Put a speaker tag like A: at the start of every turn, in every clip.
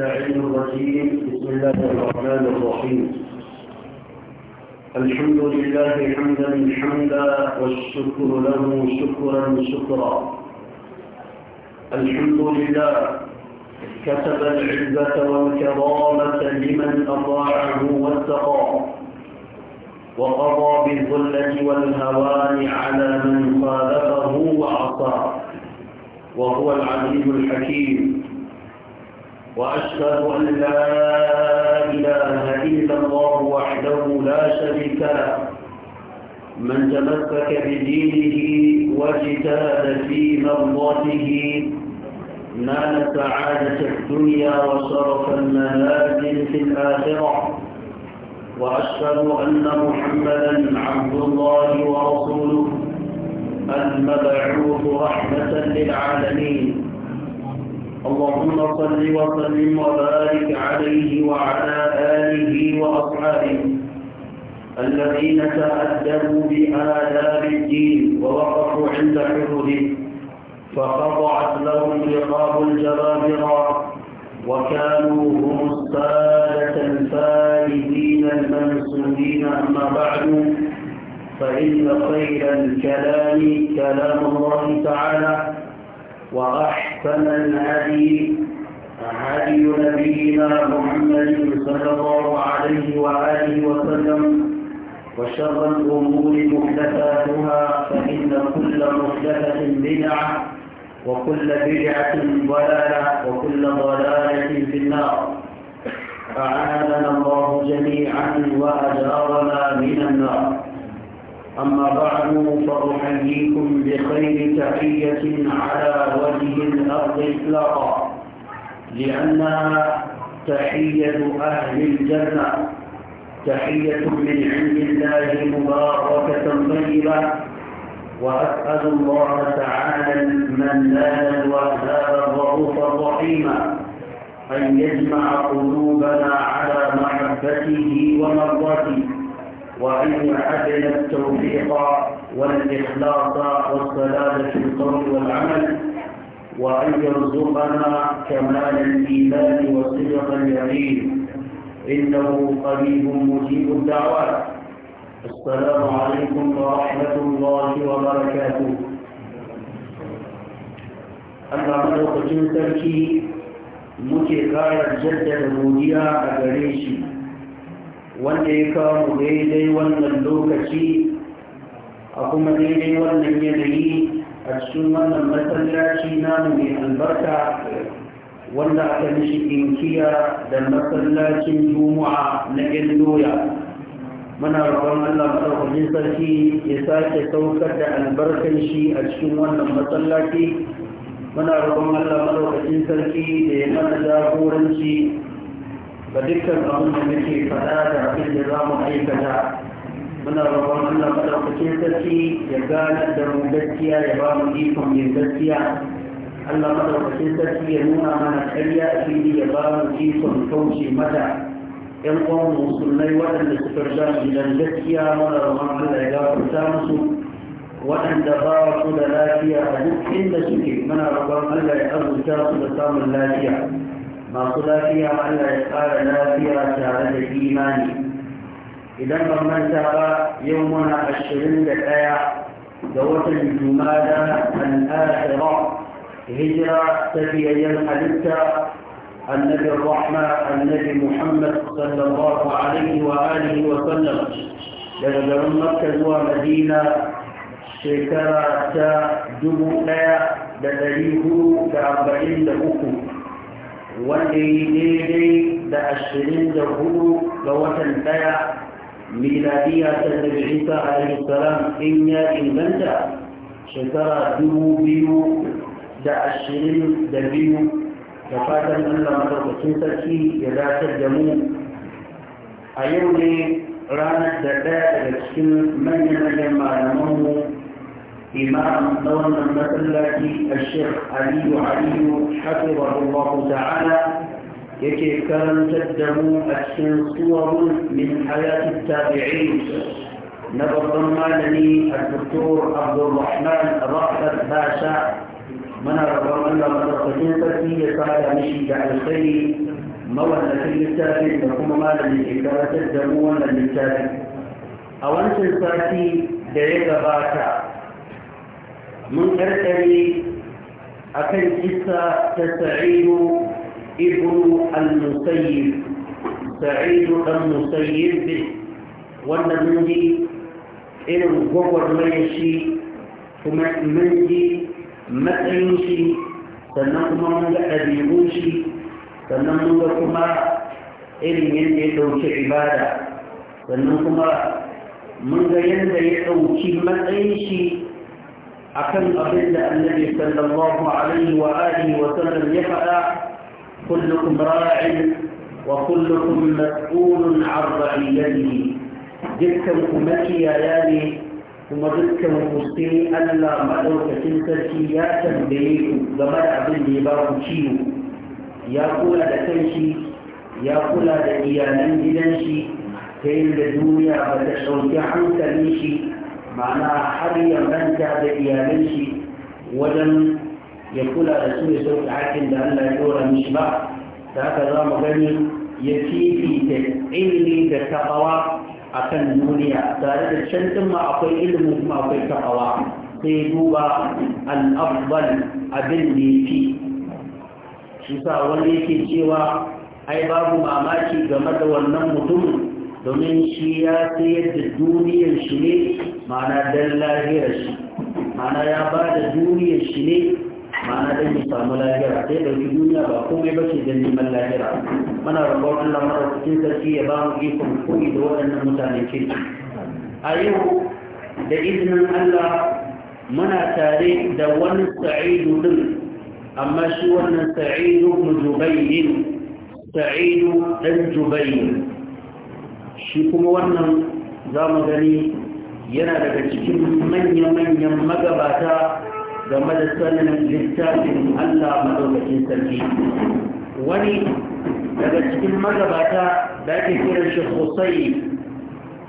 A: الرجيم بسم الله الرحمن الرحيم الحمد لله حمدا حمدا والشكر له شكرا شكرا الحمد لله كتب العزة والكرامة لمن أطاعه واتقاه وقضى بالذلة والهوان على من خالفه وعصاه وهو العزيز الحكيم وأشهد أن لا إله إلا الله وحده لا شريك له من تمسك بدينه واجتهد في مرضاته نال سعادة الدنيا وشرف المنازل في الآخرة وأشهد أن محمدا عبد الله ورسوله المبعوث رحمة للعالمين اللهم صل وسلم وبارك عليه وعلى آله وأصحابه الذين تأدبوا بآداب الدين ووقفوا عند حدوده فخضعت لهم رقاب الجبابرة وكانوا هم السادة الفائزين المنسوبين أما بعد فإن خير الكلام كلام الله تعالى وأحسن فمن الهدي هدي نبينا محمد صلى الله عليه وآله وسلم وشر الأمور محدثاتها فإن كل محدثة بدعة وكل بدعة ضلالة وكل ضلالة في النار أعاننا الله جميعا وأجارنا من النار أما بعد فأحييكم بخير تحية على وجه الأرض إطلاقا لأنها تحية أهل الجنة تحية من عند الله مباركة طيبة وأسأل الله تعالى من المنان الوهاب الرؤوف الرحيم أن يجمع قلوبنا على محبته ومرضاته وأن يعدل التوفيق والإخلاص والسلامة في القول والعمل وأن يرزقنا كمال الإيمان وصدق اليقين إنه قريب مجيب الدعوات السلام عليكم ورحمة الله وبركاته اما بعد sarki muke ƙara jaddada godiya a gare wanda ya kawo daidai wannan lokaci a kuma daidai wannan yanayi a cikin wannan masallaci namu mai albarka wanda aka mishi inkiya da masallacin juma'a na yan doya muna rabon Allah matsalacin sarki ya sake saukar da albarkan shi a cikin wannan masallaci muna rabon Allah matsalacin sarki da ya mana jagoranci da dukkan abin da muke faɗa da abin da za mu aikata muna rabon Allah madaukakin sarki ya gane da mu gaskiya ya ba mu ikon yin gaskiya Allah madaukakin sarki ya nuna mana ƙarya a fili ya ba mu ikon kauce mata ‘yan uwan musulmai waɗanda suka riga gidan gaskiya muna rabon Allah ya gafarta musu waɗanda ba su da lafiya a duk inda suke muna rabon Allah ya azurta su da samun lafiya ما قضى فيها الا يقال لا فيها شهاده ايمان اذا ربنا سار يومنا عشرين دقيقه دوت الجمادى الاخره هجره تبي ايام حديثه النبي الرحمه النبي محمد صلى الله عليه واله وسلم لغدر مكه ومدينة مدينه شكرا جمعه لديه كاربعين لكم wanda yi daidai da ashirin da hudu ga watan daya miladiya ta daga isa alaihissalam in ya inganta shekara dubu biyu da ashirin da biyu da fatan allah madaukakin sarki ya datar da mu a yau ne ranar da daya daga cikin manyan manyan malamanmu إمام دون المسلات الشيخ علي علي حفظه الله تعالى يكي كان تدم أحسن صور من حياة التابعين نبض مالني الدكتور عبد الرحمن رأفت باشا من رضا الله مدرسة فتي يسعد مشي على الخير مولى في التابعين فكما مالني إكارة الدمو من التابع أولا ساتي دعيك باشا mun karkare a kan kisa ta sa'idu ibnu al-musayyib sa'idu dan musayyib wanda mun ji irin gwagwarmayar shi kuma mun ji matsayin shi sannan kuma mun ga ɗabi'un shi sannan mun ga kuma irin yadda ya ɗauki ibada sannan kuma mun ga yadda ya ɗauki matsayin shi أكن أبدا النبي صلى الله عليه وآله وسلم يفأ كلكم راع وكلكم مسؤول عن رعيته جبتم أمتي يا يالي ثم جبتم أمتي ألا لا تلك الشيئة تنبيه لما أبدا يبارك شيئا يا كل دكنشي يا كل دكيانا جدنشي الدنيا يدوني أبدا شوكي حنك ليشي ma'ana har ya da iyalan shi wajen ya kula da su ya sauke haƙƙin da Allah ya dora mishi ba da haka za mu gani ya fifita ilimi da taɓawa a kan duniya tare da can ma akwai ilimi kuma akwai taɓawa sai duba al'abbal abin da ya fi shi sa wani yake cewa ai babu mamaki game da wannan mutum domin shi ya sayar da duniyar shi ne ma'ana dan lahirar shi ma'ana ya ba da duniyar shi ne ma'ana dan ya samu lahira sai dauki duniya ba komai ba ce don neman lahira muna roƙon lamarar cikin sarki ya ba mu ikon koyi da waɗannan mutane ke. a yau da izinin Allah muna tare da wani sa'idu din amma shi wannan sa'idu mujubayin sa'idu dan jubayin shi kuma wannan za mu gani yana daga cikin manya-manyan magabata game da sanin littafin Allah maɗaukakin sarki wani daga cikin magabata da ake kiran shi Hussein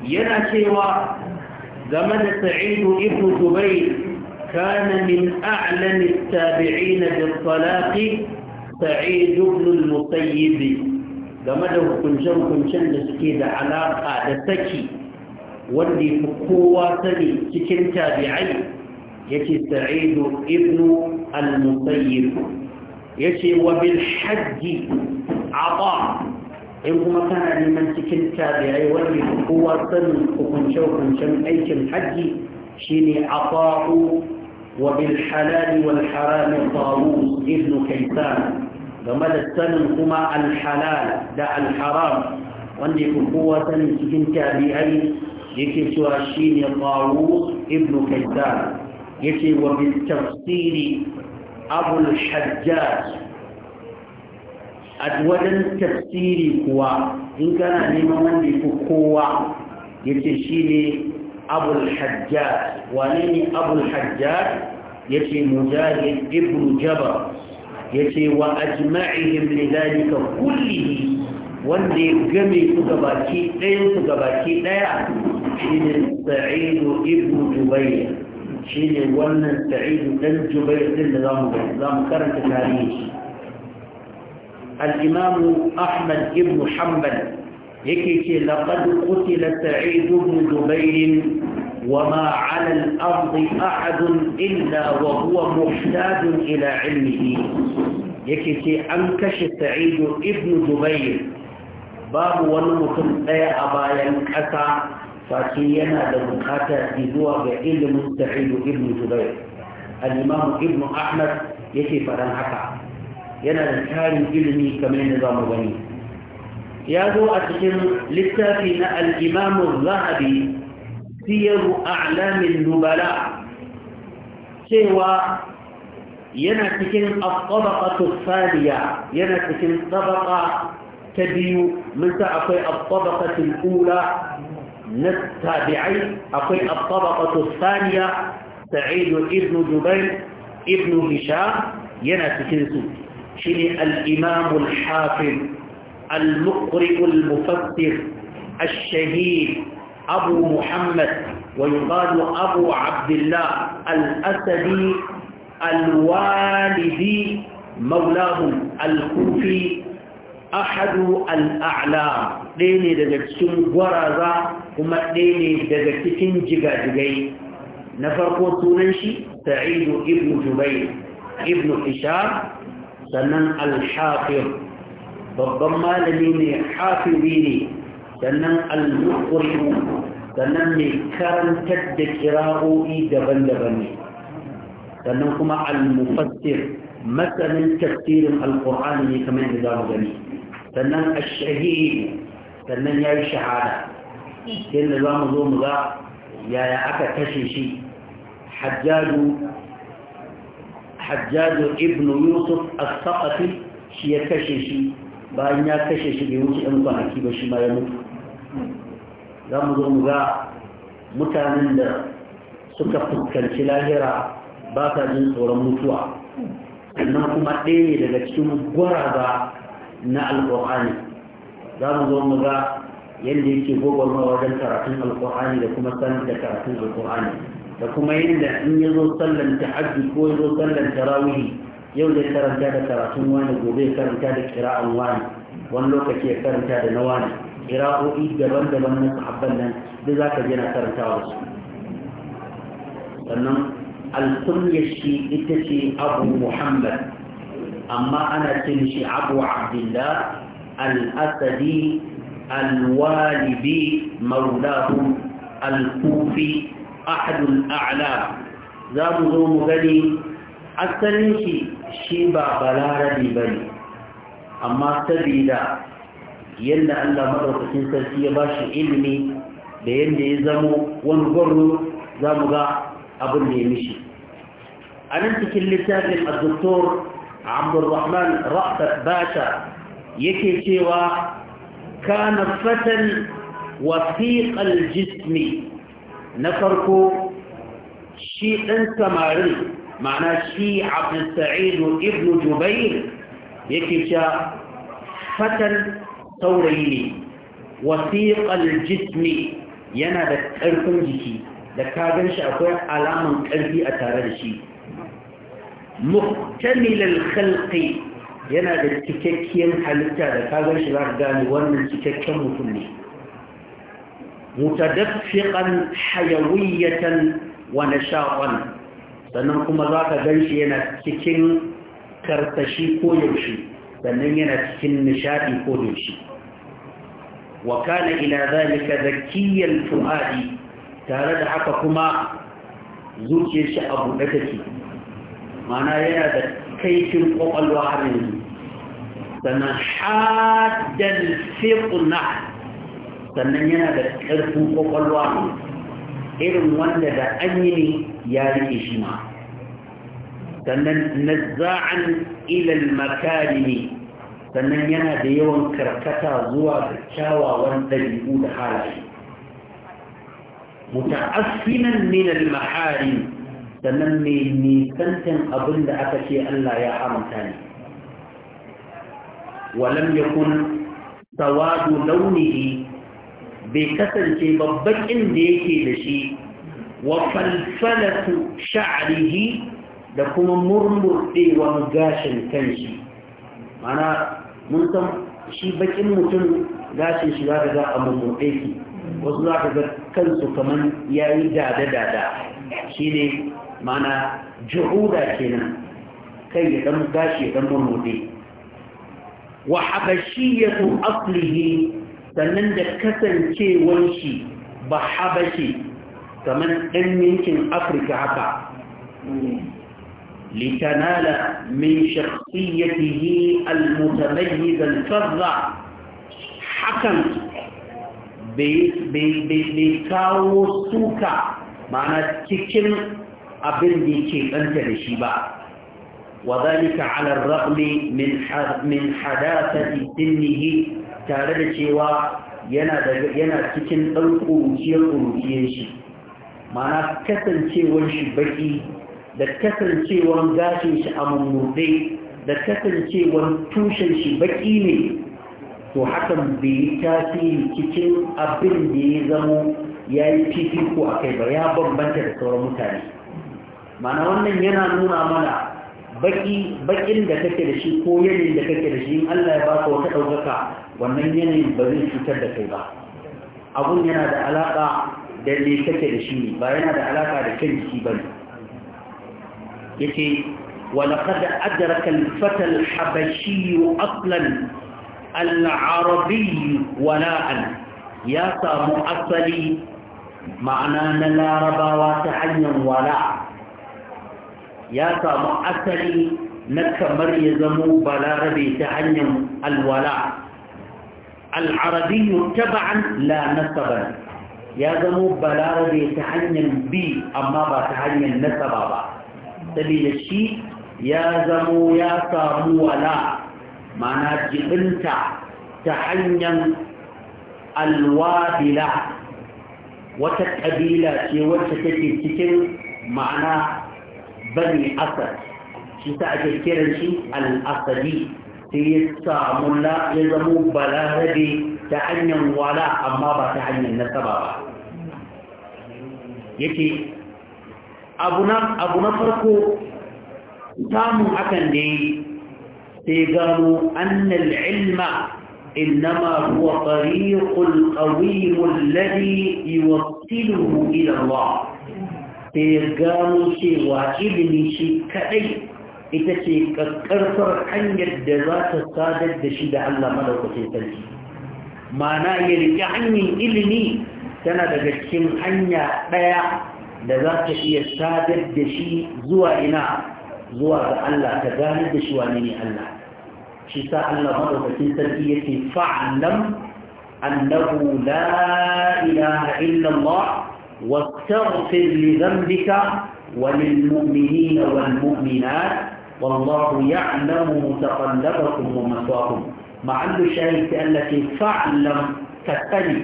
A: yana cewa game da Sa'idu ibnu Zubair kana min a'lam da tabiin bil-talaq Sa'id ibn al-Musayyib game da hukuncen-hukuncen da suke da alaka da saki wanda ya kowa sani cikin tabi'ai yake sa'idu ibnu al-musayyib yace wa bil hajji ata in kuma kana neman cikin tabi'ai wanda ya kowa sani hukunce hukuncen aikin hajji shine ata'u wa bil halal wal haram tawus ibnu kaysan game da sanin kuma al halal da al haram wanda ya kowa sani cikin tabi'ai يكي تراشيني طاووخ ابن كذاب يكي وبالتفصيل أبو الحجاج أدولا تفصيلي كوا إن كان لما من يفكوا يتشيني أبو الحجاج وليني أبو الحجاج يتي مجاهد ابن جبر يتي وأجمعهم لذلك كله wanda ya game su gabaki ɗayan su gabaki ɗaya shi ne sa'idu ibnu jubayya shi ne wannan sa'idu ɗan jubayya ɗin da za mu karanta tarihi al'imamu ahmad ibnu hanbal yake ce laƙad kutila sa'idu ibnu jubayyin وما على الأرض أحد إلا وهو محتاج إلى علمه يكتي أنكش سعيد ابن جبير babu wani mutum ɗaya a bayan ƙasa face yana da buƙatar zuwa ga ilimin sa'idu ibn jubair al-imam ibn ahmad yake faɗan haka yana da tarin ilimi kamar yadda za mu gani ya zo a cikin littafi na al-imam zahabi siyaru a'lamin nubala cewa yana cikin asabaqatu thaniya yana cikin sabaqa تبيو من أقوي الطبقة الأولى نتابعي أقوي الطبقة الثانية سعيد ابن جبير ابن هشام كنسو شني الإمام الحافظ المقرئ المفسر الشهيد أبو محمد ويقال أبو عبد الله الأسدي الوالدي مولاه الكوفي ahadu al'a'la ɗaya ne daga cikin gwaraza kuma ɗaya ne daga cikin jigajigai na farko tunan shi sa'idu ibn jubai ibn ishar sannan al babban malami ne hafiri ne sannan al-muqri'u sannan mai karantar da kira'o'i daban-daban ne sannan kuma al-mufassir masanin tafsirin alkur'ani ne kamar yadda za mu gani sannan ashahidi sannan ya yi shahada sai da za mu zo mu ga yaya aka kashe shi hajjaju ibnu ibn yusuf as-saqafi shi ya kashe shi bayan ya kashe shi bai wuce ɗan kwanaki ba shi ma ya mutu za mu zo mu ga mutanen da suka fuskanci lahira ba sa jin tsoron mutuwa amma kuma ɗaya ne daga cikin gwaraba na alƙur'ani za mu zo mu ga yadda yake ma wajen karatun alƙur'ani da kuma sanar da karatun alƙur'ani da kuma yadda in ya zo sallan ta hajji ko ya zo sallan tarawihi yau zai karanta da karatun wani gobe ya karanta da kira'an wani wani lokaci ya karanta da na wani kira'o'i daban-daban na sahabban nan duk za ka je na karantawa su sannan alkunyar shi ita ce abu muhammad amma ana cin shi abu abdullah al alwalibi al-walibi maulahu al a'la za mu zo mu gani asalin shi shi ba balarabi ba ne amma sabida yadda allah maɗaukacin sarki ya ba shi ilimi da yadda ya zamo wani gwaro za mu ga abin da ya mishi a nan cikin littafin a doktor abdurrahman rahmat bata yake cewa kana fatan wasiƙal jismi na farko shi ɗan samarin ma'ana shi abdulsa'idu ibn jubair yake cewa fatan saurayi ne wasiƙal jismi yana da ƙarfin jiki da ka gan shi akwai alaman ƙarfi a tare da shi muktamilal khalqi yana da cikakkiyar halitta da ka gan shi za ka gane wannan cikakken mutum ne mutadaffiqan hayawiyatan wa nashaqan sannan kuma za ka gan shi yana cikin kartashi ko yaushe sannan yana cikin nishadi ko yaushe wa kana ila zalika zakiyyal fuadi tare da haka kuma zuciyar shi a buɗe take mana yana da kaifin ƙwaƙwalwa har yanzu sannan
B: haddal
A: fiqna sannan yana da ƙarfin kwakwalwa irin wanda da an yi ne ya riƙe shi ma sannan nazza'an ilal makarimi sannan yana da yawan karkata zuwa ga kyawawan ɗabi'u da halaye muta'assiman min al-maharim sannan mai nisantan abin da aka ce Allah ya haramta ne walam yakun sawadu launihi bai kasance babban inda yake da shi wa sha'rihi da kuma murmurɗewar gashin kanshi mana mun san shi bakin mutum gashin shi za a murmurɗe shi wasu za ka ga kansu kamar ya yi dada-dada shi ne mana juhuda kenan kai ya ɗan gashi ya ɗan murmuɗe wa habashiyatu aslihi sannan da kasancewar shi ba habashi kamar ɗan yankin afirka haka litanala min shakhsiyatihi almutamayyiz alfarra hakan bai kawo suka ma'ana cikin abin da ke ɗanta da shi ba وذلك على الرغم من من حداثة سنه tare da cewa yana cikin ɗan ƙuruciyar shi ma'ana kasancewar shi baƙi da kasancewar gashin shi a mummurde da kasancewar tushen shi baƙi ne to hakan bai yi tasiri cikin abin da ya zamo ya yi fifiko a kai ba ya bambanta da sauran mutane mana wannan yana nuna mana bakin da kake da shi ko yanayin da kake da shi in Allah ya baka wata ɗaukaka wannan yanayin ba zai cutar da kai ba abun yana da alaƙa da ne kake da shi ne ba yana da alaƙa da kan jiki ba ne ya ce walaƙar da adaraka alfatar habashi aslan العربي ولاء يا سامو أصلي معنى أن لا ربا واتحيا ولا يا سامو أصلي نك مريزمو بلا ربي تحيا الولاء العربي تبعا لا نسبا يا زمو بلا ربي تحيا بي أما باتحيا نسبا سبيل الشيء يا زمو يا سامو ولاء ma'ana jibinta ta hanyar alwabila wata ƙabila ce wacce take cikin ma'ana bani asad shi ta ake kiran shi al'asadi sai ya samu ya zamo balarabe ta hanyar wala amma ba ta hanyar nasaba ba yake abu na
B: farko
A: samun akan da sai gano annal ilma innama huwa tariqul qawim alladhi yuwakkiluhu ila sai gano cewa ilimi shi kadai ita ce kakkarfar hanyar da za ta sadar da shi da Allah madaukakin sarki mana ya rike hanyar ilimi tana daga cikin hanya ɗaya da za ta iya sadar da shi zuwa ina zuwa ga Allah ta gani da shi wani ne Allah شتاء sa Allah madaukakin sarki yake fa'lam annahu la ilaha illa واستغفر لذنبك وللمؤمنين والمؤمنات والله يعلم متقلبكم ومثواكم ما عنده الشاهد التي فاعلم تتلي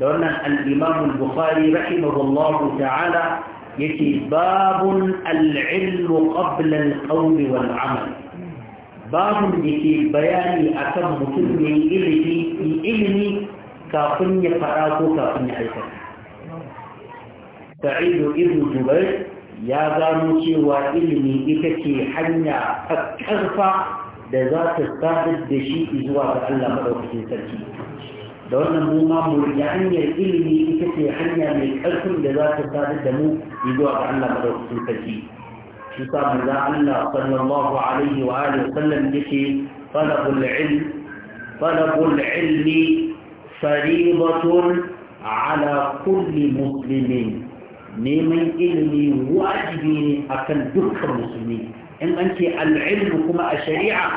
A: لأن الإمام البخاري رحمه الله تعالى يتي باب العلم قبل القول والعمل babu da ke bayani a kan mutum ne ilimi kafin ya faɗa ko kafin ya aikata sa'idu ibn jubair ya gano cewa ilimi ita ce hanya ta ƙarfa da za ta sadar da shi zuwa ga Allah maɗaukacin sarki da wannan mu ma mu ya hanyar ilimi ita ce hanya mai ƙarfin da za ta sadar da mu zuwa ga Allah maɗaukacin sarki shi sa Allah sallallahu alaihi wa alihi sallam yake talabul ilm talabul ilmi fariidatun ala kulli musulmi neman ilimi wajibi ne akan dukkan musulmi in an ce kuma a shari'a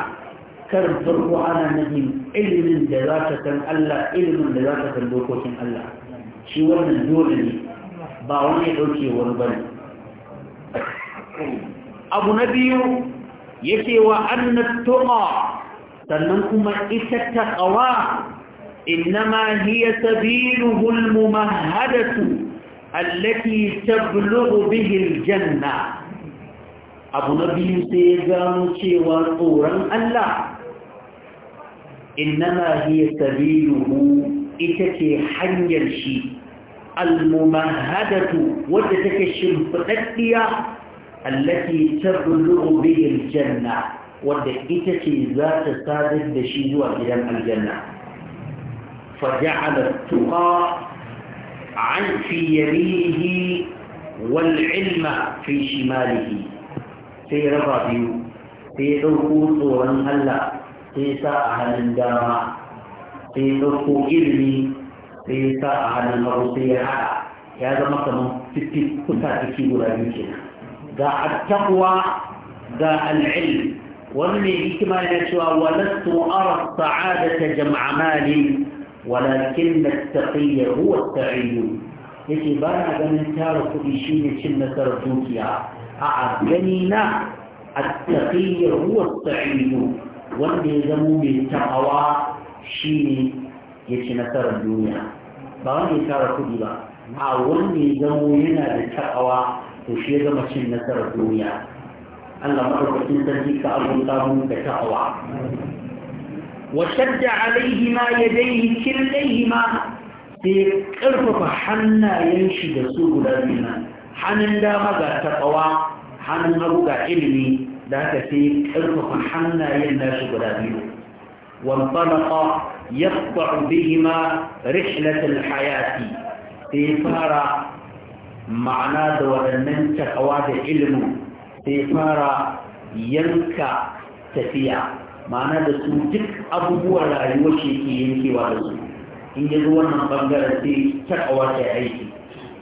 A: kar farko ana nufin ilimin da za ka san Allah ilimin da za ka san dokokin Allah shi wannan dole ne ba wani ya ɗauke wani bane abu na biyu yake wa annat tuqa sannan kuma ita taqwa innama hiya sabiluhu almumahhadatu allati tablughu bihi aljanna abu na biyu sai ya gano cewa tsoron Allah innama hiya sabiluhu ita ce hanyar shi almumahadatu wadda take shimfidaddiya التي تبلغ به الجنة والدقيقة ذات سادس بشيد وإلم الجنة فجعل التقى عن في يمينه والعلم في شماله في رضا في عقول طورا هلا في ساعة الدامة في عقول علمي في ساعة الغرصية هذا مثلا في كتاب كيبولا يمكنها ذا التقوى ذا العلم ومن الحكمة يسوى ولست أرى السعادة جمع مال ولكن التقي هو التعين يسي بارا أن تعرف إشينا شنة رجوكيا أعجنينا التقي هو التعين وَلَا يزمون التقوى شيني يشنة رجوكيا بارا أن تعرف إلا ما وَلَا يزمون التقوى to shi ya gama cin nasarar duniya Allah maɗaukakin sarki ka abunta mu da ta'awa wa shadda alaihi ma yadaihi kirlaihi ma sai ƙarfafa hannayen shi da su guda biyu hannun dama ga taɓawa hannun hagu ga ilimi da aka sai ƙarfafa hannayen nashi guda biyu wanfalaka ya faɗi bihima rihlatul hayati sai fara ma'ana da waɗannan takawa da ilimin sai fara yanka tafiya ma'ana da su duk abubuwan rayuwar shi ke yankewa da su in yi wannan ɓangaren sai takawa ta aiki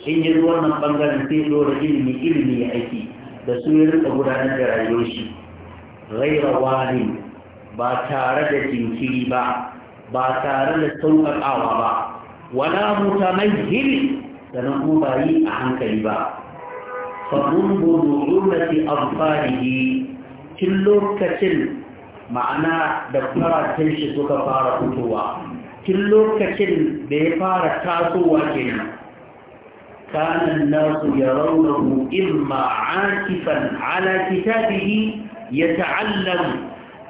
A: in yi wannan bangaren sai ɗora ilimi ilimi ya aiki da su ya rika gudanar da rayuwar shi raira wani ba tare da jinkiri ba ba tare da sauƙaƙawa ba wala mutamayyil دمقوباي عن كيبا أظفاره كلو كتل معنى دفارة تنشتك فارة كتوا كلو كتل بفارة كان الناس يرونه إما عاكفا على كتابه يتعلم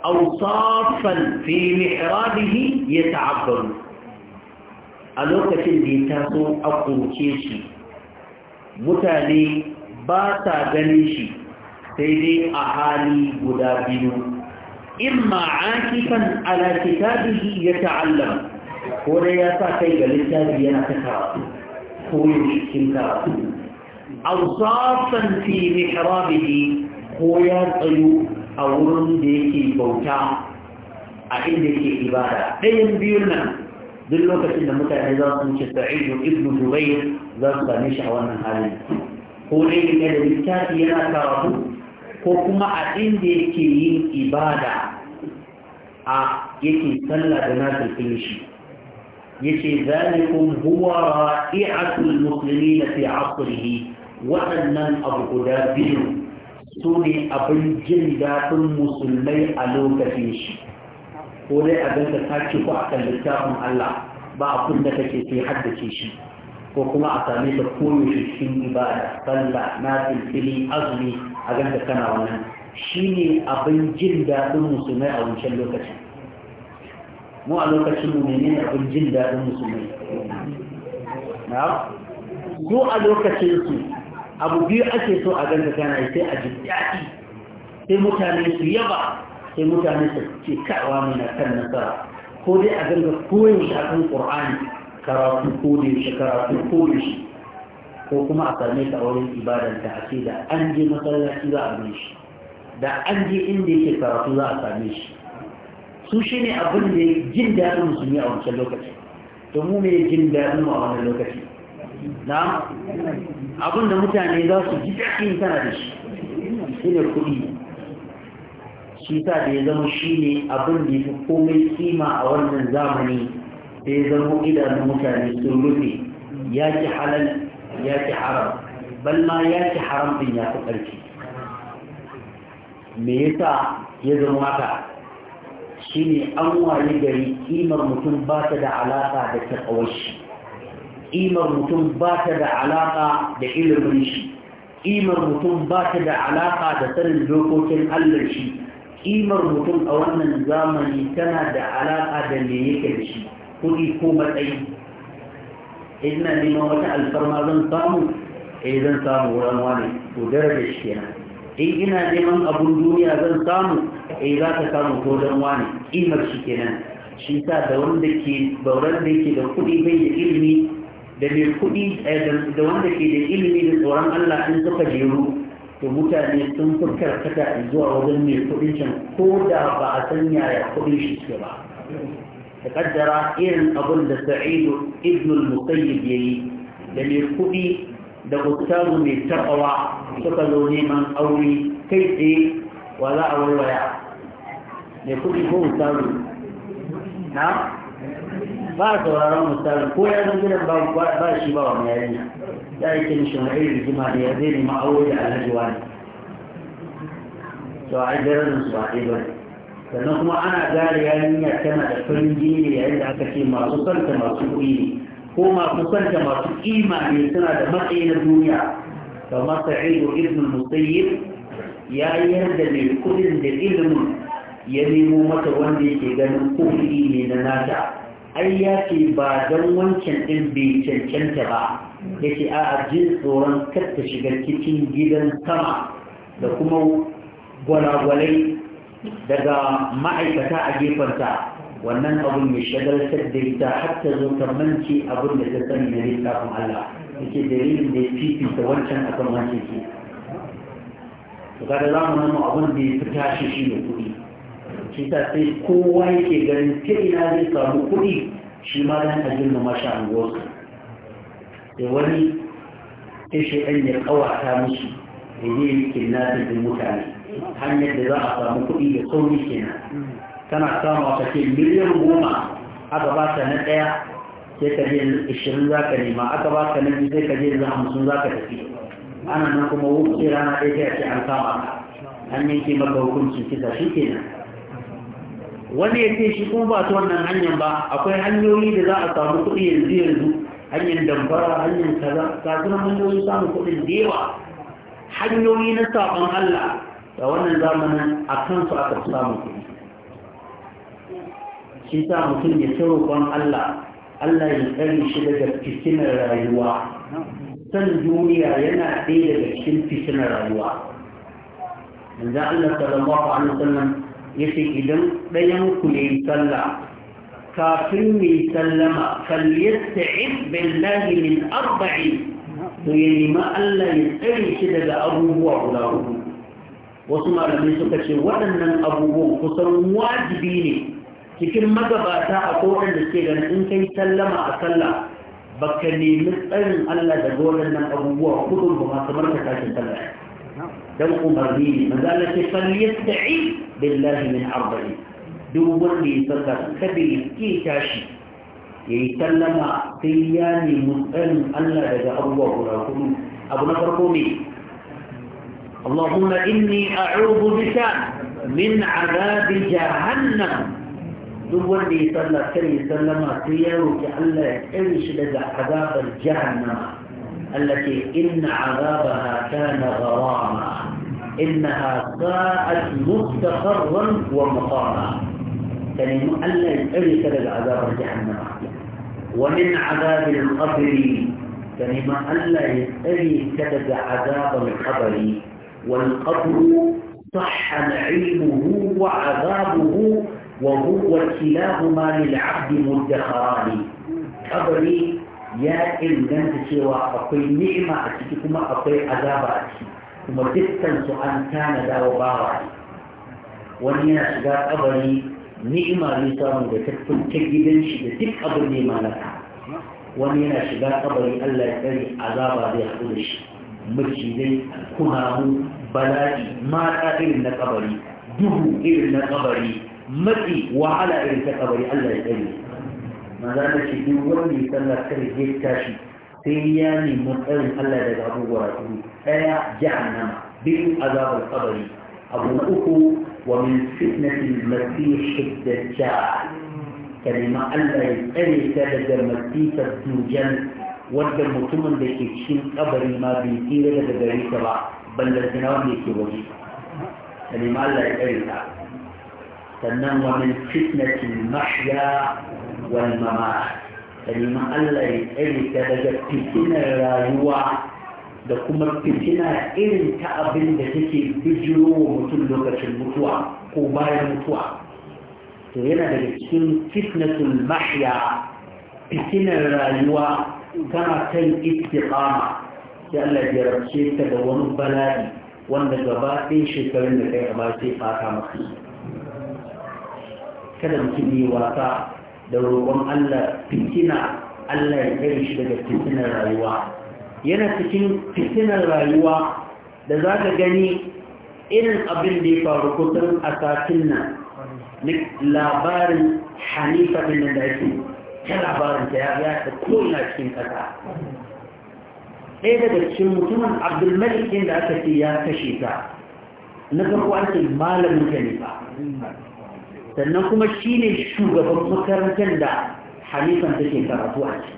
A: أو صافا في محرابه يتعبر a lokacin da ya taso a shi mutane ba ta ganin shi sai dai a hali guda biyu imma akifan ala kitabihi ya ta'allam ko dai ya sa kai ga littafi yana ta karatu ko yin cikin karatu awsafan fi mihrabihi ko ya tsayu a wurin da yake bauta a inda yake ibada ɗayan biyun nan duk lokacin da mutane za su wuce sa'idu ibnu jubair za su same shi a wannan halin ko ne ne da littafi yana karatu ko kuma a inda yake yin ibada a yake sallah da nafil shi yace zalikum huwa ra'i'atul muslimin fi 'asrihi waɗannan abu guda biyu su ne abin jin daɗin musulmai a lokacin shi ko dai a ganta ta ce ko akan littafin Allah ba abin da kake sai haddace shi ko kuma a same ta koyaushe cikin ibada sallah na filfili azumi a ganta kana wannan shine abin jin daɗin musulmai a wancan lokacin mu a lokacin mu ne abin jin daɗin musulmai na su a lokacin su abu biyu ake so a ganta kana sai a ji daɗi sai mutane su yaba sai mutane su ce kawo ne na kan nasara ko dai a ganga koyaushe a kan ƙur'ani karatu ko da yaushe karatu ko shi. ko kuma a same ta a wurin ibadar da ake da an je masallaci za a bin shi da an je inda yake karatu za a same shi su shi ne abin da jin daɗin musulmi a wancan lokaci to mu mai jin daɗin a wannan lokaci na abin da mutane za su ji daɗin tana da shi shi ne kuɗi shi da ya zama shi ne abin da ya fi komai kima a wannan zamani da ya zama idanun mutane sun rufe ya ki halal ya ki haram balma ya ki haram din ya fi ƙarfi me yasa ya zama haka shi ne an waye gari kimar mutum ba ta da alaƙa da taƙawar shi kimar mutum ba ta da alaƙa da ilimin shi kimar mutum ba ta da alaƙa da sanin dokokin Allah shi kimar mutum a wannan zamani tana da alaƙa da me yake da shi kuɗi ko matsayi ina neman wata alfarma zan samu eh zan samu wurin wani ko daraja shi kenan in ina neman abun duniya zan samu eh za ka samu ko dan wani kimar shi kenan shi sa da wanda ke da yake da kuɗi bai da ilimi da mai kuɗi eh, da wanda ke da ilimi da tsoron Allah in suka jeru to mutane sun fi karkata zuwa wajen mai kuɗin can ko da ba a san yaya kuɗin shi suke ba ta kaddara irin abin da sa'idu ibnul musayyib yayi da mai kuɗi da ustazu mai tabawa suka zo neman aure kai tsaye wa za a warwaya mai kuɗi ko ustazu na ba a sauraron ustazu ko ya zan gidan ba shi ba wa mai yarinya ya yake mishi wani rigima da ya zai nema aure da alhaji wani to a darajar su ba ɗaya sannan kuma ana gane yarinya tana da farin jini yayin da aka ce masu kanta masu kuɗi ne ko masu kanta masu kima ne suna da matsayi na duniya kamar sa'idu ibn musayyib ya yarda mai kuɗin da ilimin ya nemo mata wanda yake ganin kuɗi ne na nata ai ya ce ba don wancan ɗin bai cancanta ba ya ce a ajin tsoron karta shiga cikin gidan sama da kuma gwalagwalai daga ma'aikata a gefenta wannan abin mai shagaltar da ita har ta zo ta manci abin da ta sani na littafin Allah yake dalilin da ya fifita wancan akan wancan ke to kada zamanin mu abin da ya fita shi shi ne kuɗi shi ta sai kowa yake ganin ta ina zai samu kuɗi shi ma dan a girma mashi anguwarsa da wani shi shaidan ya ƙawata musu da zai yi da mutane hanyar da za a samu kuɗi da sauri kenan tana kama a ce miliyan goma aka ba ta na ɗaya sai ka je ishirin za ka nema aka ba ka na biyu sai ka je za hamsin za ka tafi ana nan kuma wuce rana ɗaya sai a ce an samu an yanke maka hukuncin kisa shi kenan wani ya ce shi kuma ba ta wannan hanyar ba akwai hanyoyi da za a samu kuɗi yanzu yanzu hanyar dambara hanyar kaza ga suna samun kuɗin da yawa hanyoyi na saɓon Allah da wannan zamanin a kansu aka fi samun kuɗi shi sa mutum ya ci roƙon Allah Allah ya tsare shi daga fitinar rayuwa san duniya yana ɗaya daga cikin fitinar rayuwa manzo Allah sallallahu alaihi wasallam yace idan ɗayan ku ne sallah kafin mai sallama falyasta'id billahi min arba'in to ya nemi Allah ya tsare shi daga abubuwa guda hudu wasu malamai suka ce waɗannan abubuwan kusan wajibi ne cikin magabata a kowane da suke ganin in kai sallama a sallah ka nemi tsarin Allah daga waɗannan abubuwa hudu ba kamar ka tashin sallah dan umarni ne manzo Allah ce falyasta'id بالله من أرضه دوب لي بكر كبير كي كاشي يتلم يعني قياني مسأل ألا إذا أبوه لكم أبو نفر اللهم إني أعوذ بك من عذاب جهنم دوب لي صلى كي يتلم قيامك ألا إيش لدى عذاب جهنم التي إن عذابها كان غراما إنها ساءت مستقرا ومقاما كلمة يعني ألا يتأذي كذا عذاب جهنم ومن عذاب القبر كلمة يعني ألا لا كذا عذاب القبر والقبر صح نعيمه وعذابه وهو كلاهما للعبد مدخران قبري يا إن لم تسوى أقوي نعمة أتكي كما عذاب أتكي kuma dukkan su an tana dawo bawa wani yana shiga kabari ni'ima ne samun da ta gidan shi da duk abin ne malaka wani yana shiga kabari Allah ya tsare azaba zai haɗu da shi macizai kunamu bala'i mata irin na kabari duhu irin na kabari matsi wahala irin ta kabari Allah ya tsare maza da shi duk wanda ya sallar kare zai tashi sai ya nemi tsarin Allah daga abubuwa biyu daya jahannama biyu azabar kabari abu na uku wa min fitnatil masih dajjal ka nemi Allah ya tsare ta daga masifar dujjal wanda mutumin da ke cikin kabari ma bai tsira daga gare ka ba ballantana wanda yake waje ka nemi Allah ya tsare ka sannan wa min fitnatil mahya wal mamat kalima Allah ya daga fitinar rayuwa da kuma fitina irin ta abin da take bijiro wa mutum lokacin mutuwa ko bayan mutuwa to yana daga cikin fitnatul mahya fitinar rayuwa tana kan istiqama sai Allah ya rabce ta da wani bala'i wanda gaba ɗaya shekarun da kai a ba sai fata maka kada mutum yi wasa da roƙon Allah fitina Allah ya kai shi daga fitinar rayuwa yana cikin fitinar rayuwa da za ka gani irin abin da ya faru kusan a satin nan labarin hanifa ɗin da ake ta labarin ta ya ta ko'ina cikin ƙasa ɗaya daga cikin mutumin abdulmalik da aka ce ya kashe ta na farko an malamin ta sannan kuma shi ne shugaban makarantar da hanifan take karatu a ciki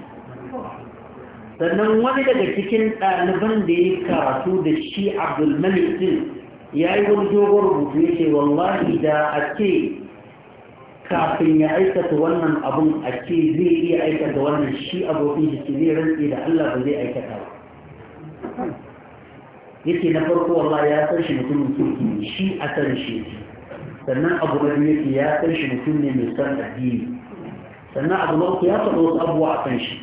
A: sannan wani daga cikin ɗaliban da ya karatu da shi abdulmalik din ya yi wani dogon rubutu ya ce wallahi da a ce kafin ya aikata wannan abun a ce zai iya aikata wannan shi abokin shi zai rantse da allah ba zai aikata ba yake na farko wallahi ya san shi mutumin kirki shi a san shi sannan abu na biyu ya san shi mutum ne mai san addini sannan abu na uku ya faɗa wasu abubuwa a kan shi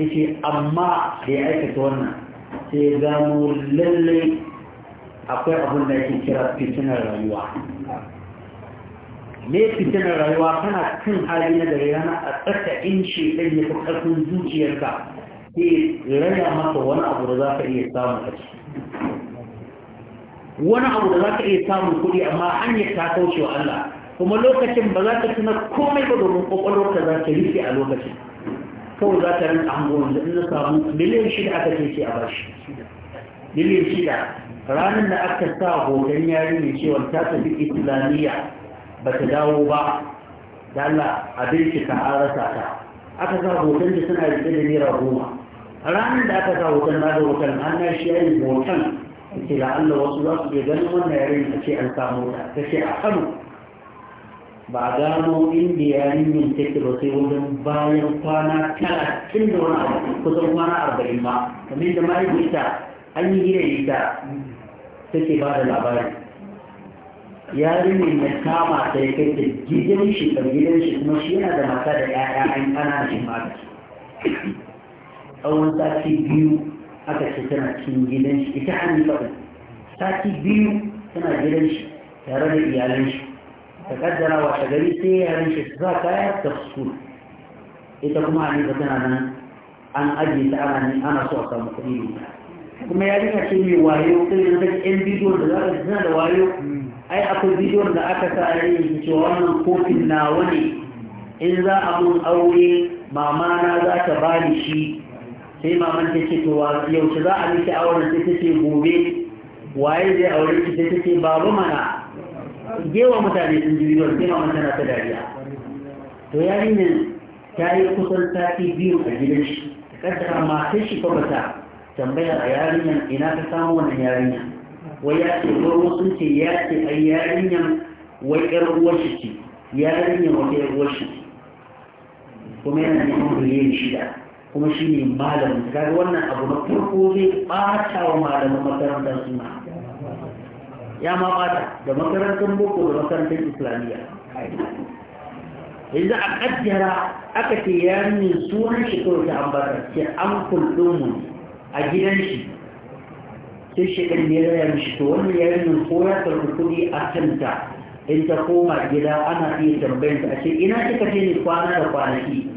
A: yake amma da ya aikata wannan sai gano lallai akwai abin da yake kira fitinar rayuwa me fitinar rayuwa kana kan hali na gari rana a tsaka in ɗan ya fi ƙarfin zuciyarka sai rana maka wani abu da za ka iya samu a ciki wani abu da za ka iya samun kuɗi amma hanyar ta kauce wa Allah kuma lokacin ba za ka tuna komai ba domin kwakwalwarka za ta rufe a lokacin kawai za ta rinka hango wanda in na samu miliyan shida aka ce ce a bashi miliyan shida ranar da aka sa hoton yari mai cewa ta tafi islamiyya ba ta dawo ba da Allah a bincika an rasa ta aka sa hoton da suna rike da naira goma ranar da aka sa hoton na da hoton an na shi yayin hoton ce Allah wasu za su iya ganin wannan yaren da ce an samu ta ta ce a kano ba a gano inda yin take ba sai wajen bayan kwana talatin da wani abu kusan kwana arba'in ma kamar da mahaifiyarta an yi hira ita take ba da labari ne na kama ta ya kai da gidan shi da gidan shi kuma shi yana da mata da 'ya'ya an kana shi mata tsawon sati biyu aka ce tana cikin gidan shi ita an yi sati biyu tana gidan shi tare da iyalan shi ta kaddara wa ta gari sai yaran shi za za yi ta su ita kuma hanifa tana nan an ajiye ta ana ne ana so a samu kuɗi ne kuma ya rika ce mai wayo na da yan bidiyon da za ka zina da wayo ai akwai bidiyon da aka sa a yi cewa wannan kofin nawa ne in za a mun aure mama na za ta bani shi sai maman ta ce to yaushe za a miki auren sai ta ce gobe waye zai aure ki sai ta ce babu mana
B: gewa mutane sun ji bidon sai maman tana ta dariya
A: to yarinyar ta yi kusan sati biyu a gidan shi kaddara sai shi ta tambaya a yarinyar ina ka samu wannan yarinyar wai ya ce ko sun ce ya ce a yarinyar wai yar uwar shi ce yarinyar wata yar uwar shi kuma yana neman biliyan shida kuma shi ne malamin ga wannan abu na farko zai ɓata wa malamin makarantar suna ya ma ɓata da makarantar boko da makarantar islamiyya yanzu a ƙaddara aka ce ne sunan shi kawai ta ambata ce an kulɗo mu a gidan shi sai shekaru ne ya mishi to wannan ne ko ya karɓi kuɗi a kanta in ta koma gida ana iya tambayanta a ce ina kika je ne kwana da kwanaki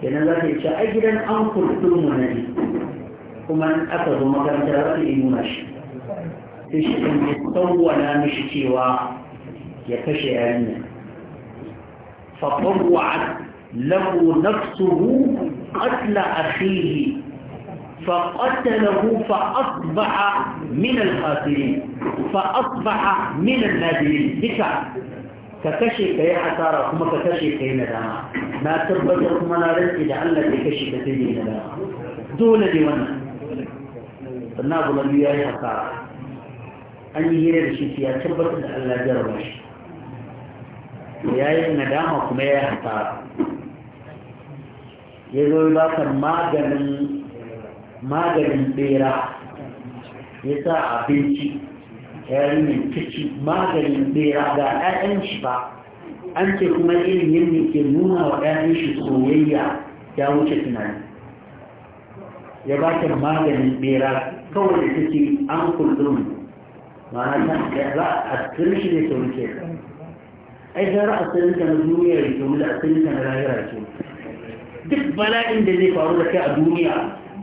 A: kenan za ta ce a gidan an kurkuru mu ne kuma aka zo makaranta za ta yi nuna shi sai shi kan ya tsawwala mishi cewa ya kashe yarinya fa tawwa'at lahu nafsuhu qatla akhihi فقتله فأصبح من الخاسرين فأصبح من النادرين ذكر ka kashe ka yi asara kuma ka kashe ka yi nadama na tabbatar kuma na rantsi da Allah ka kashe ka sai yi nadama dole ne wannan sannan abu ya yi asara an yi hira da shi ya tabbatar da Allah jarraba shi ya yi nadama kuma ya yi asara ya zo ba maganin maganin bera ya sa abinci yarinyar ta ci maganin bera ga 'ya'yan shi ba an ce kuma irin yadda ke nuna wa 'ya'yan shi soyayya ya wuce tunani ya ba ta maganin bera kawai da take an kullum ma'ana za a tsirin shi ne ta wuce ai gara a tsirin ta na duniya ya ke da tsirin ta na lahira ke duk bala'in da zai faru da kai a duniya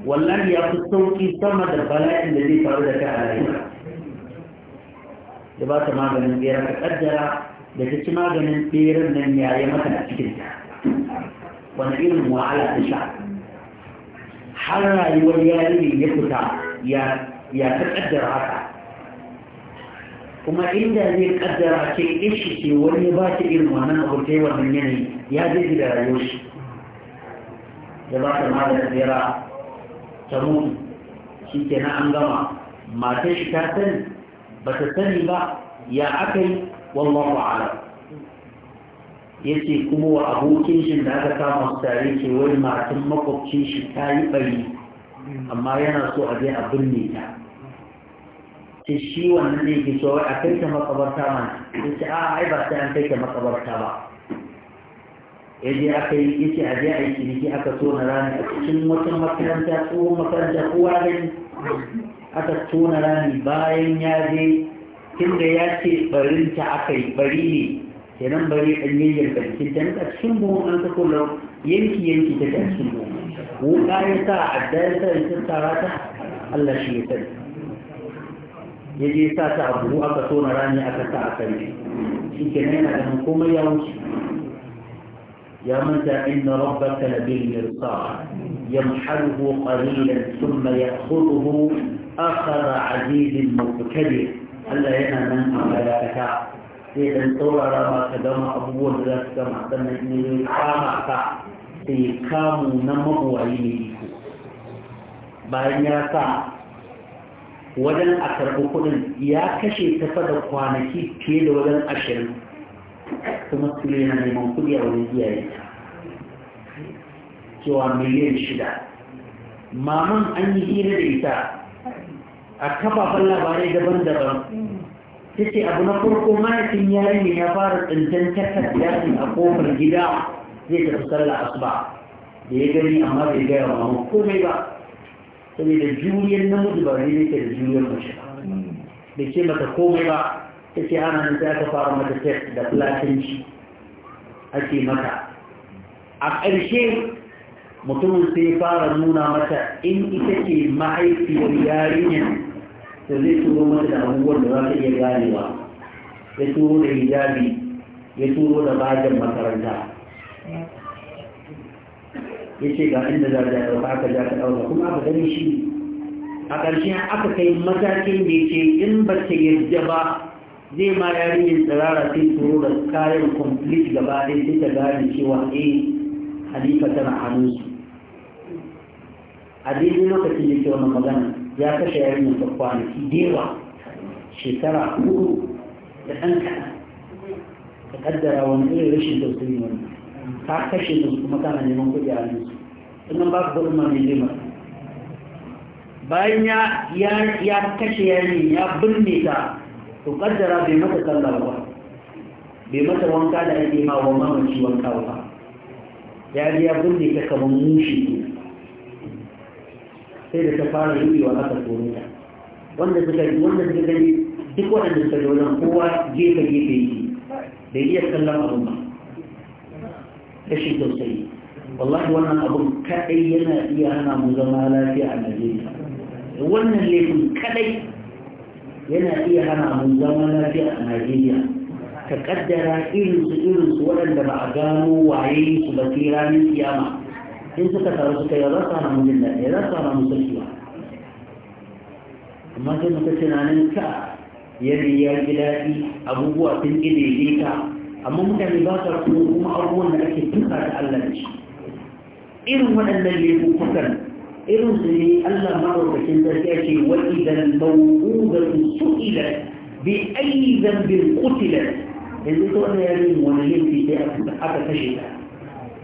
A: wallahi ya fi sauki sama da bala'in da zai faru da kai a lahira da ba ta maganin bera ka kaddara da ta ci maganin beran nan ya yi mata a cikin ta wani irin wahala ta sha har rayuwar yarinyar ya fita ya ta kaddara haka kuma inda zai kaddara ce ishi ce wani ba ta irin wannan abutai wannan yanayi ya zai da rayuwar shi da ba ta maganin bera ta mutu shi kenan an gama matar shi ta sani ba ta sani ba ya aka yi wallahu ala ya ce kuma wa abokin shi da aka kama su tare ce wani matan makwabcin shi ta yi bari amma yana so a je a binne ta ce shi wannan ne ke so a kai ta makabarta mana ya ce a ai ba sai an kai ta makabarta ba ya je aka yi ya ce a je a yi ciniki aka so na rana a cikin wata makaranta tsohon makaranta kowa gani aka tona rami bayan ya je tunda ya ce barinta aka yi bari ne kenan bari ɗan yayyan ƙarfi dan a cikin buhun an sako lau yanki yanki ta a cikin buhun wuka ya sa a ya sa ya tattara ta Allah shi ya sani ya je sa ta a buhu aka tona rami aka sa a karfi shi kenan yana ganin komai ya wuce ya manta inna rabbaka labil mirsad yamhaluhu qalilan thumma ya'khudhuhu akhar azizin muqtadir Allah yana nan a malakata sai dan tsaurara ma ka gama abubuwan da za su gama sannan in ya kama ka sai kamu na mabuwayi ne iko bayan ya sa wajen a karɓi kuɗin ya kashe ta da kwanaki fiye da wajen ashirin kuma su yana neman kuɗi a wurin iyaye cewa miliyan shida maman an yi hira da ita a kafafen labarai daban-daban ta ce abu na farko mahaifin yarinya ya fara tsintan yaki a kofar gida zai tafi sallah asuba da ya gani amma bai gaya wa mamu komai ba saboda juriyar namiji ba ne yake da juriyar mace da ce mata komai ba ta ce ana nan za ta fara mata test da fulatanci ake mata a ƙarshe mutumin sai fara nuna mata in ita ce mahaifiyar yarinyar da zai turo mata da abubuwan da za ta iya ganewa ya turo da hijabi ya turo da bajan makaranta ya ce ga inda za a ɗauka aka ja ka ɗauka kuma aka gani shi a ƙarshe aka kai matakin da ya ce in ba ta yarda ba zai ma yarinyar tsirara sai turo da kayan complete gaba ɗaya sai ta gane cewa eh halifa tana hannunsu a daidai lokacin da ke wannan magana ya kashe yarinyar ta kwanaki dewa shekara hudu da ɗan kaɗan ka kaddara wani irin rashin tausayi wani ka kashe su kuma kana neman kuɗi a hannunsu sannan ba ka kuɗin ma mai zai bayan ya kashe yari ya binne ta to kaddara bai mata sallah ba bai mata wanka da ake ma wa mamaci wanka ba ya ji ya binne ta kamar mushi sai da ta fara rubewa aka kore ta wanda suka yi wanda suka gani duk waɗanda suka yi wajen kowa gefe gefe yake da iya kallon abin ba rashin tausayi wallahi wannan abin kaɗai yana iya hana mu zama lafiya a najeriya wannan laifin kaɗai yana iya hana mu zama lafiya a najeriya Ta kaddara irinsu irinsu waɗanda ba a gano waye su ba sai ranar kiyama انت تقارب بك يا الله صانع من الله يا الله صانع من سلسلة ما جمع تسنانا كا يلي يا جلالي أبو بوا تنقلي لك أما مدى مباشر كما أرون لك تبقى تألم إرون الذي يفكر إرون سلي الله مرور بسنتك أشي وإذا الموعودة سئلت بأي ذنب قتلت إذا تقول يا ريم ونهيم في جاءة أتكشفت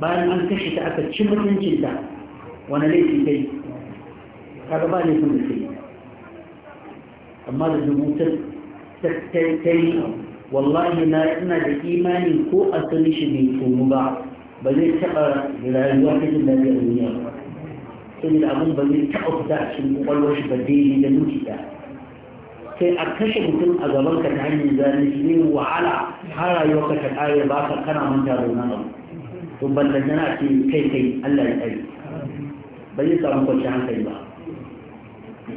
A: bayan an kashe ta aka ci mutuncin wani laifi dai kaga ne laifin da sai amma da rubutar ta yi wallahi na suna da imanin ko a sani shi bai tomu ba ba zai taɓa rayuwa ta jin daɗi a duniya ba sai da abin ba zai taɓa fita a cikin ƙwaƙwalwar shi ba daidai da nuki ɗaya sai a kashe mutum a gaban ka ta hanyar zalunci ne wahala har rayuwarka ta kare ba ka kana manta da wani abu to ballantana a ce kai kai Allah ya tsare ba zai samu kwanci hankali ba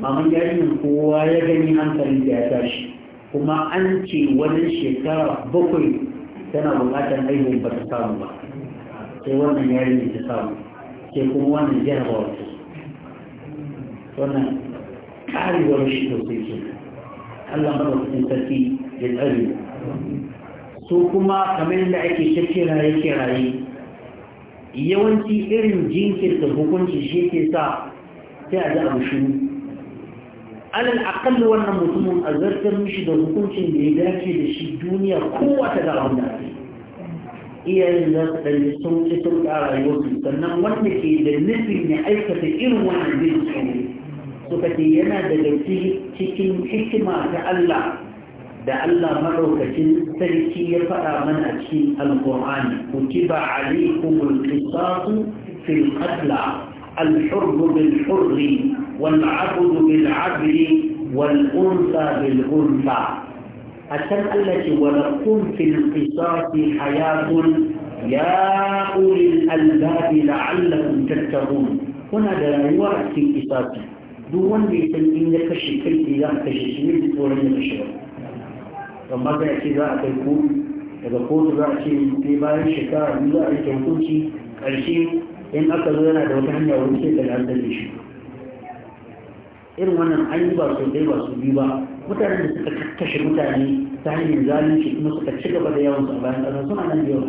A: maman yarinyar kowa ya gani hankali da ya tashi kuma an ce wani shekara bakwai tana buƙatar aihun ba ta samu ba sai wannan yarinyar ta samu sai kuma wannan jarabawa ta wannan ƙarewar shi sosai ke Allah maɗaukacin sarki ya tsare su kuma kamar yadda ake ta kiraye kiraye yawanci irin jinkirta hukunci shi ke sa sai a ji abu shiru alal akalli wannan mutumin a zartar mishi da hukuncin da ya dace da shi duniya kowace da abin da ake iyayen za su ɗanyi sun ci sun ƙara rayuwarsu sannan wanda ke da nufin ya aikata irin wannan bin tsoro suka ce yana daga cikin hikima ta Allah da Allah maɗaukacin sarki ya faɗa mana a cikin alƙur'ani kutiba alaikumul qisasu fil qatla الحر بالحر والعبد بالعبد والأنثى بالأنثى أتم التي ولكم في القصاص حياة يا أولي الألباب لعلكم تتقون هنا دلائل في القصاص دون بيتم إن كشف كيف لا كشف من دون كشف amma da ce za a kai kotu daga kotu za a ce sai bayan shekara biyu za a yi hukunci ƙarshe in aka zo yana da wata hanya wani sai ka an shi irin wannan an yi ba su dai ba su biyu ba mutanen da suka kakkashe mutane ta hanyar zalunci kuma suka ci gaba da yawan su a bayan ƙasa suna nan yawa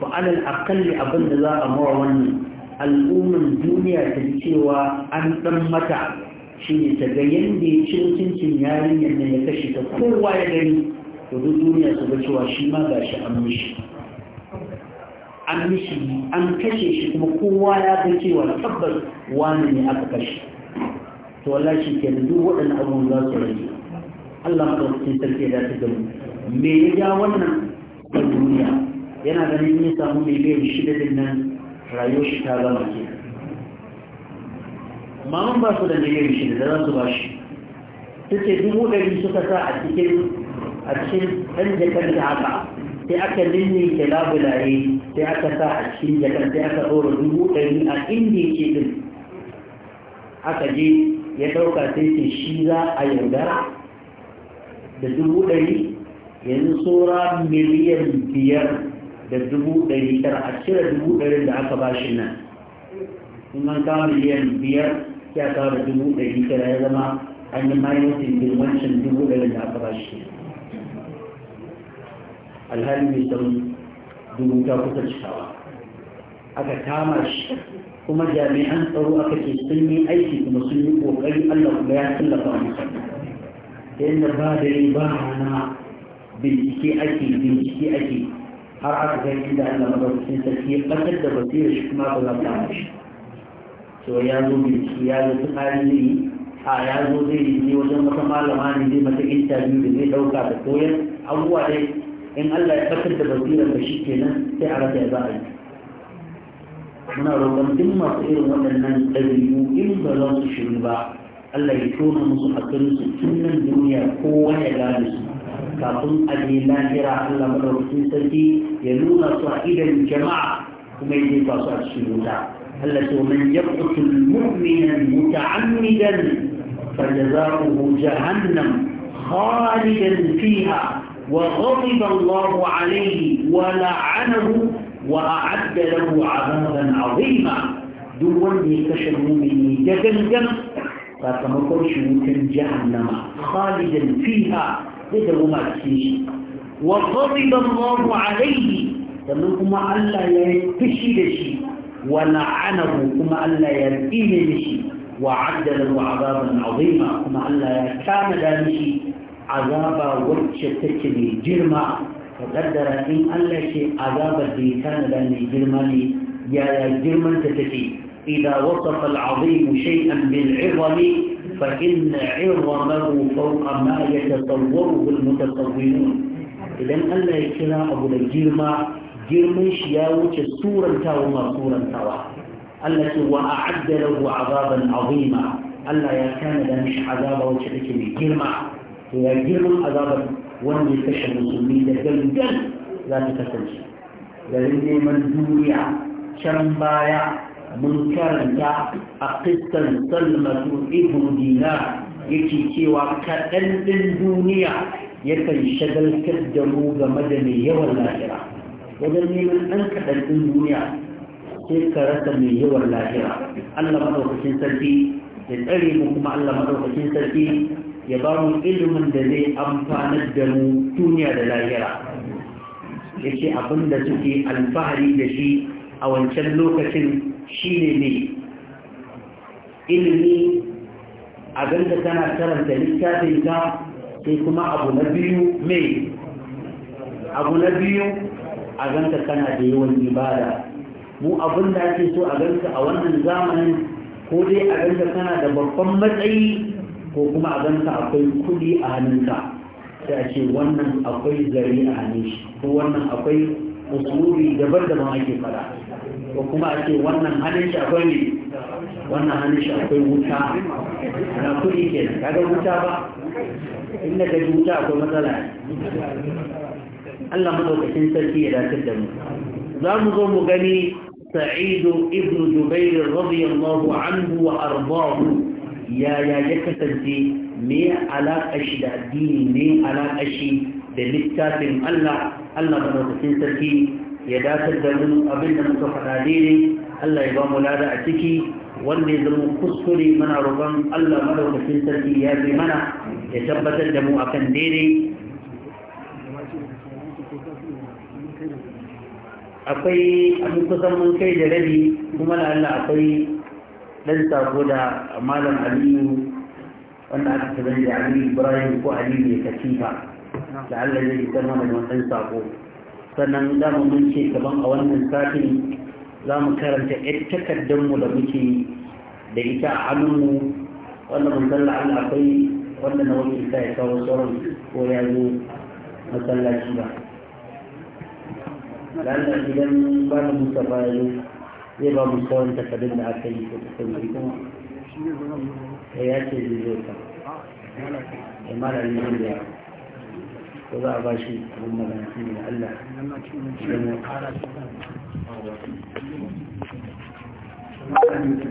A: ba alal akalli abin da za a mawa wannan al'umman duniya ta cewa an dan mata shi ne ta ga yadda ya ci mutuncin yarinyar nan ya kashe ta kowa ya gani to duk duniya su ga cewa shi ma ga shi an mishi an mishi an kashe shi kuma kowa ya ga cewa tabbas wani ne aka kashe to wallahi shi ke duk waɗannan abubuwan za su rage Allah madaukakin sarki ya dace da mu me ya ja wannan ta duniya yana ganin ya samu mai bayan shida din nan rayuwar shi ta gama kenan maman ba su da miliyan shi da za su ba shi ta ce dubu ɗari suka sa a cikin a cikin ɗan jakar da haka sai aka linne ke labulaye sai aka sa a cikin jakar sai aka ɗora dubu ɗari a inda yake din aka je ya ɗauka sai ce shi za a yarda da dubu ɗari yanzu tsora miliyan biyar da dubu ɗari tara a cire dubu ɗari da aka ba shi nan in an kawo miliyan biyar ya kawo da dubu ɗari kira ya zama an yi mayotin din wancan dubu ɗari da aka bashi shi alhali mai sauri dubu ta kusa cikawa aka kama shi kuma jami'an tsaro aka ce sun yi aiki kuma sun yi kokari Allah kuma ya tallafa musu yadda ba da yi ba na bincike ake bincike ake har aka ga inda Allah madaukakin sarki ya ɓatar da basirar shi kuma ba za ta shi to ya zo biki ya zo tsari zai a ya zo zai ne wajen wata malama ne zai mata interview da zai dauka da koyar abubuwa dai in Allah ya fatar da basirar da shi kenan sai a rasa ya za a yi muna roƙon duk masu irin waɗannan ɗabi'u in ba za su shiru ba Allah ya tona musu hakirinsu tun nan duniya kowa ya gane su kafin a je lahira Allah madaukakin sarki ya nuna su a idan jama'a kuma ya jefa su a cikin wuta التي من يقتل مؤمنا متعمدا فجزاؤه جهنم خالدا فيها وغضب الله عليه ولعنه وأعد له عذابا عظيما دون يكشف مؤمني جدل فكمكن شموت جهنم خالدا فيها بدل ما تسيش وغضب الله عليه فمنكم ألا يتشي لشيء ولعنه كما ألا يلقين مشي وعدل عذابا عظيما كما ألا يكامل مشي عذابا به جرما فقدر إن ألا شيء عذابا دي كان لأني جرماني يا يا جرما تتكي إذا وصف العظيم شيئا بالعظم فإن عظمه فوق ما يتصوره المتصورون إذا ألا يكلا أبو الجرما girman shi ya wuce surantawa ma surantawa Allah ce wa a'adda lahu azaban azima Allah ya kana da mishi azaba wacce take mai girma to ya girman azaban wanda ya kashe musulmi da gangan za ta kasance garin neman duniya can baya mun karanta a kristan salmatu ibn dinar yake cewa kaɗan ɗin duniya yakan shagaltar da mu game da mai yawan lahira wajen neman ɗan kaɗan duniya sai ka rasa mai yawan lahira Allah maɗaukacin sarki ya tsare mu kuma Allah maɗaukacin sarki ya ba mu ilimin da zai amfanar da mu duniya da lahira ya ce abin da suke alfahari da shi a wancan lokacin shi ne ne ilimi a tana karanta littafinka sai kuma abu na biyu mai abu na biyu a ganka kana da yawan ibada mu abin da ake so a ganka a wannan zamanin ko dai a ganka kana da babban matsayi ko kuma a ganka akwai kudi a hannunka sai a ce wannan akwai zari a hannun shi ko wannan akwai usuri daban-daban ake fara. ko kuma a ce wannan hannun shi akwai ne wannan hannun shi akwai wuta na kuɗi ke kaga wuta ba inda ka wuta akwai matsala Allah madaukakin sarki ya dace da mu za mu zo mu gani sa'idu ibnu jubair radiyallahu anhu wa ardahu ya ya ya kasance me alaƙa shi da addini ne alaƙa shi da littafin Allah Allah sarki ya dakar da mu abin da muka faɗa daidai Allah ya ba mu lada a ciki wanda ya zama kuskure mana roƙon Allah madaukakin sarki ya bi mana ya tabbatar da mu akan daidai akwai abin kusan mun kai da rabi kuma da Allah akwai ɗan sako da malam aliyu wanda aka ta da aliyu ibrahim ko aliyu mai katifa da Allah zai yi mana da ɗan sako sannan za mu mun gaban a wannan satin za mu karanta yan takardunmu da muke da ita a hannunmu wanda mun salla an akwai wanda na wani isa ya kawo tsoron ko ya zo masallaci ba lalla idan ba da musa ba ya zai ba mu sauran takardun da aka yi ko ta kuma
B: ya ce zai zo ta ya mara ne da yawa ko za a ba shi abin magana shi ne Allah